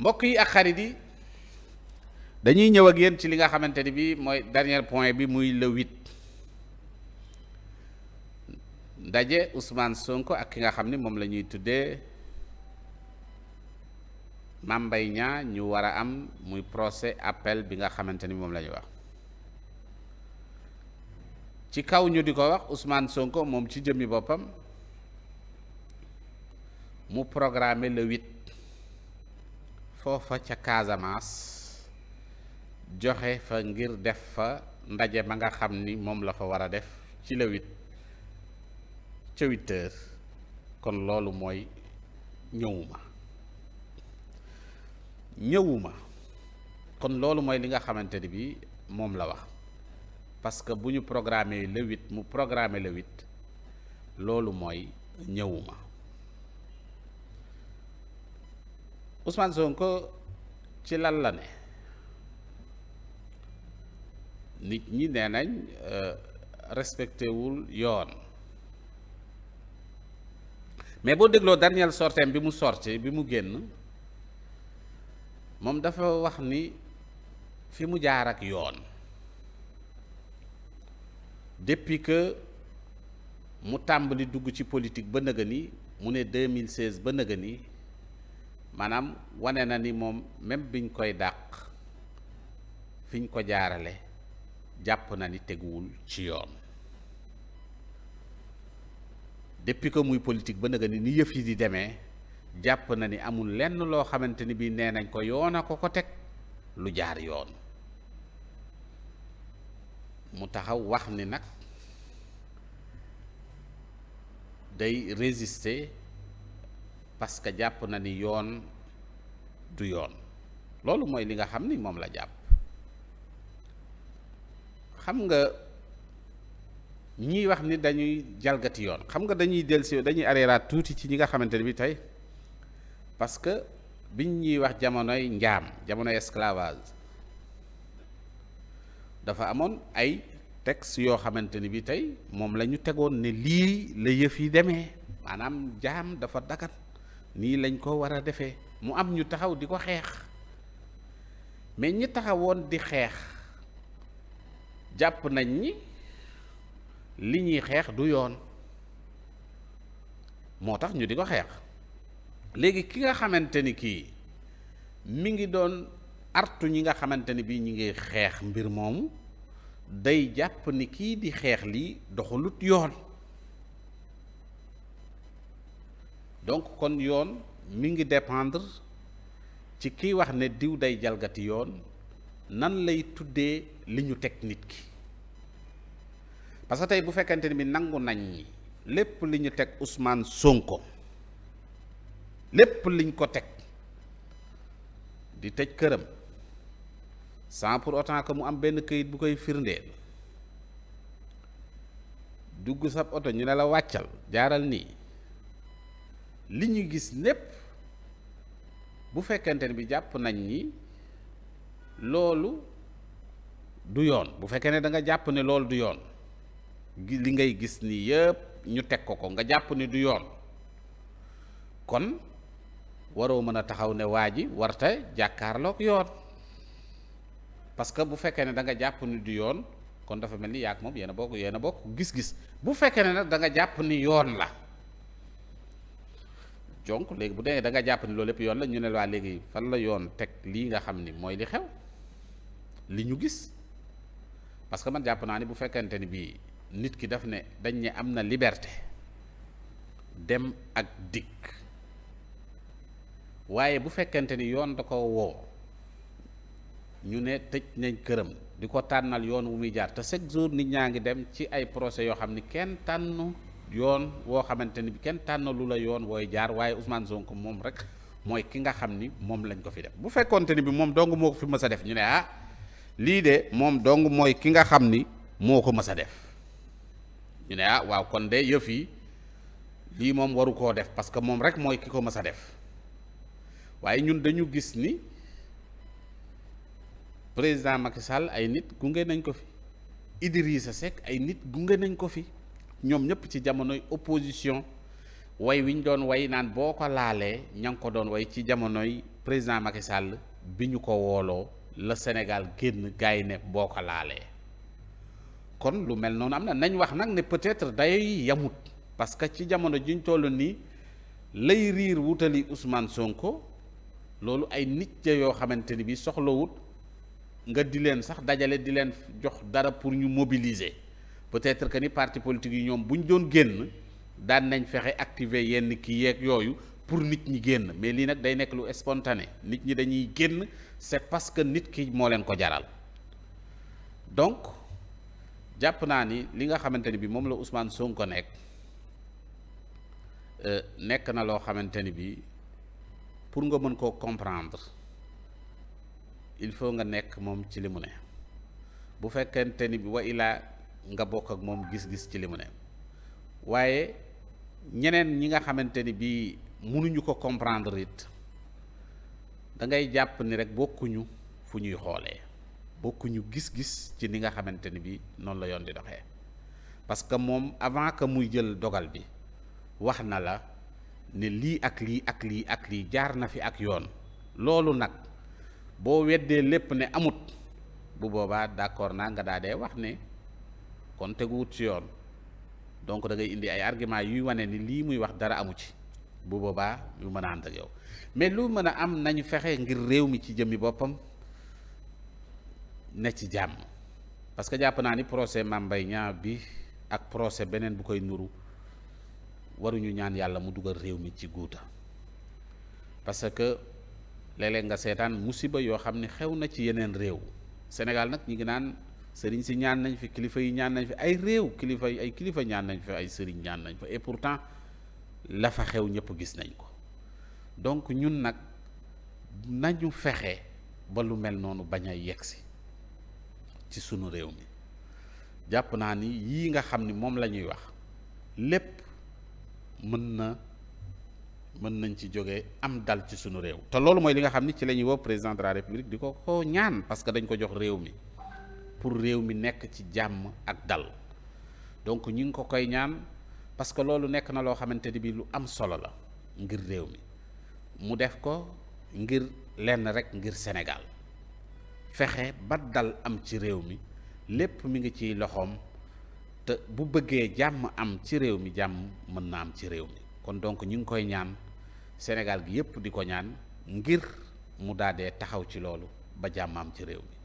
mbokk yi ak xarit yi dañuy ñëw ak yéen ci li nga xamante ni bii mooy dernier point bi muy le huit ndaje Ousmane Sonko ak ki nga xam ni moom la ñuy tuddee Mame Mbaye Niang ñu war a am muy procès appel bi nga xamante ni moom la wax ci kaw ñu di ko wax Ousmane Sonko moom ci jëmmi boppam mu programmer le huit. foofa ca Casamance joxe fa ngir def fa ndaje ma nga xam ni moom la fa war a def ci la huit ca huit kon loolu mooy ñëwuma ñëwuma kon loolu mooy li nga xamante ni bi moom la wax parce que bu ñu programmé le huit mu programmé le huit loolu mooy ñëwuma Ousmane Sonko ci lan la ne nit ñi nee nañ euh, respecté wul yoon mais boo dégloo danielle sortie bi mu sorte bi mu génn moom dafa wax ni fi mu jaar ak yoon depuis que mu tàmbali dugg ci politique ba nëga ni mu ne 2016 ba nëga ni maanaam wane na ni moom même biñ koy dàq fiñ ko jaarale jàpp na ni teguwul ci yoon depuis que muy politique ba nga ni ni yëf yi di demee jàpp na ni amul lenn loo xamante ni bii nee nañ ko yoon a ko ko teg lu jaar yoon mu taxaw wax ni nag day résister parce que jàpp na ni yoon du yoon loolu mooy li nga xam ni moom la jàpp xam nga ñiy wax ni dañuy jalgati yoon xam nga dañuy dellusi dañuy areeraat tuuti ci ñi nga xamante ne bi tey parce que biñ ñuy wax jamonoy njaam jamonoy esclavage dafa amoon ay texte yoo xamante ni bi tey moom la ñu tegoon ne lii la yëf yi demee maanaam jaam dafa dagat nii lañ ko war a defee mu am ñu taxaw di ko xeex mais ñi taxawoon di xeex jàpp nañ ni li ñuy xeex du yoon moo tax ñu di ko xeex léegi ki nga xamante ni kii mu ngi doon artu ñi nga xamante ni bii ñi ngi xeex mbir moomu day jàpp ni kii di xeex lii doxalut yoon donc kon yoon mu ngi dépendre ci kiy wax ne diw day jalgati yoon nan lay tuddee li ñu teg nit ki parce que tey bu fekkente ni bi nangu nañ ñi lépp li ñu teg Ousmane Sonko lépp liñ ko teg di tëj këram sans pour autant que mu am benn këyit bu koy firndeel dugg sab oto ñu ne la wàccal jaaral nii li ñu gis népp bu fekkente ne bi jàpp nañ ni loolu du yoon bu fekkee ne danga jàpp ne loolu du yoon li ngay gis ni yëpp ñu teg ko ko nga jàpp ni du yoon kon waroo mën a taxaw ne waa ji warta jàkkaarloog yoon parce que bu fekkee ne da nga jàpp ni du yoon kon dafa mel ni yaak moom yéen a bokk yéen a bokk gis-gis bu fekkee ne nag danga jàpp ni yoon la donc léegi bu dee da jàpp ni loolu lépp yoon la ñu ne waa léegi fan la yoon teg lii nga xam ni mooy li xew li ñu gis parce que man jàpp naa ni bu fekkente ni bii nit ki daf ne dañ ne am na liberté dem ak dikk waaye bu fekkente ni yoon da ko woo ñu ne tëj nañ këram di ko tànnal yoon wu muy jaar te chaque jour nit ñaa ngi dem ci ay procès yoo xam ni kenn tànn yoon woo xamante ni bi kenn tànnalu la yoon wooy jaar waaye Ousmane Sonko moom rek mooy ki nga xam ni moom lañ ko fi def bu fekkonte ni bi moom dong moo ko fi mës a def ñu ne ah lii de moom dong mooy ki nga xam ni moo ko mës a def ñu ne ah waaw kon de yëf yi lii moom waru koo def parce que moom rek mooy ki ko mës a def waaye ñun dañu gis ni président Macky Sall ay nit gunge nañ ko fi sa Seck ay nit gunge nañ ko fi. ñoom ñëpp ci jamonoy opposition way wi ñu doon way naan boo ko laalee ña ngi ko doon way ci jamonoy président Macky Sall bi ñu ko wooloo la Sénégal génn gaay ne boo ko laalee kon lu mel noonu am na nañ wax nag ne peut-être day yamut parce que ci jamono ji ñu toll nii lay riir wutali Ousmane Sonko loolu ay nit ja yoo xamante ni bi soxlawut nga di leen sax dajale di leen jox dara pour ñu mobiliser peut-être que ni parti politique yi ñoom bu ñu doon génn daan nañ fexe activer yenn kii yeeg yooyu pour nit ñi génn mais lii nag day nekk lu spontané nit ñi dañuy génn c'est parce que nit ki moo leen ko jaral donc jàpp naa ni li nga xamante ni bi moom la Ousmane ko nekk euh, nekk na loo xamante ni bi pour nga mën koo comprendre il faut nga nekk moom ci li mu ne bu fekkente bi wa ilaa nga bokk ak moom gis-gis ci li mu ne waaye ñeneen ñi nga xamante ni bii mënuñu ko comprendre it dangay jàpp ni rek bokkuñu fu ñuy xoolee bokkuñu gis-gis ci ni nga xamante ni bii noonu la yoon di doxee parce que moom avant que muy jël dogal bi wax na la ne lii ak lii ak lii ak lii jaar na fi ak yoon loolu nag boo weddee lépp ne amut bu boobaa d'accord naa nga daa dee wax ne kon teguwut ci yoon donc da ngay indi ay argument yuy wane ni lii muy wax dara amu ci bu boobaa yu mën a ànd ak yow mais lu mën a am nañu fexe ngir réew mi ci jëmmi boppam ne ci jàmm parce que jàpp naa ni procès Mame Mbaye bi ak procès beneen bu koy nuru waruñu ñaan yàlla mu dugal réew mi ci guuta parce que léeg nga seetaan musiba yoo xam ni xew na ci yeneen réew Sénégal nag ñi ngi naan sëriñ si ñaan nañ fi kilifa yi ñaan nañ fi ay réew kilifa yi ay kilifa ñaan nañ fi ay sëriñ ñaan nañ fa et pourtant la fa xew ñëpp gis nañ ko donc ñun nag nañu fexe ba lu mel noonu bañ a yegsi ci sunu réew mi jàpp naa ni yii nga xam ni moom la ñuy wax lépp mën na mën nañ ci jóge am dal ci sunu réew te loolu mooy li nga xam ni ci la ñuy woo président de la république di ko ko ñaan parce que dañ ko jox réew mi pour réew mi nekk ci jàmm ak dal donc ñu ngi ko koy ñaan parce que loolu nekk na loo xamante ni bii lu am solo la ngir réew mi mu def ko ngir lenn rek ngir Sénégal fexe ba dal am ci réew mi lépp mu ngi ciy loxoom te bu bëggee jàmm am ci réew mi jàmm mën na am ci réew mi kon donc ñu ngi koy ñaan Sénégal gi yépp di ko ñaan ngir mu daadee taxaw ci loolu ba jàmmam ci réew mi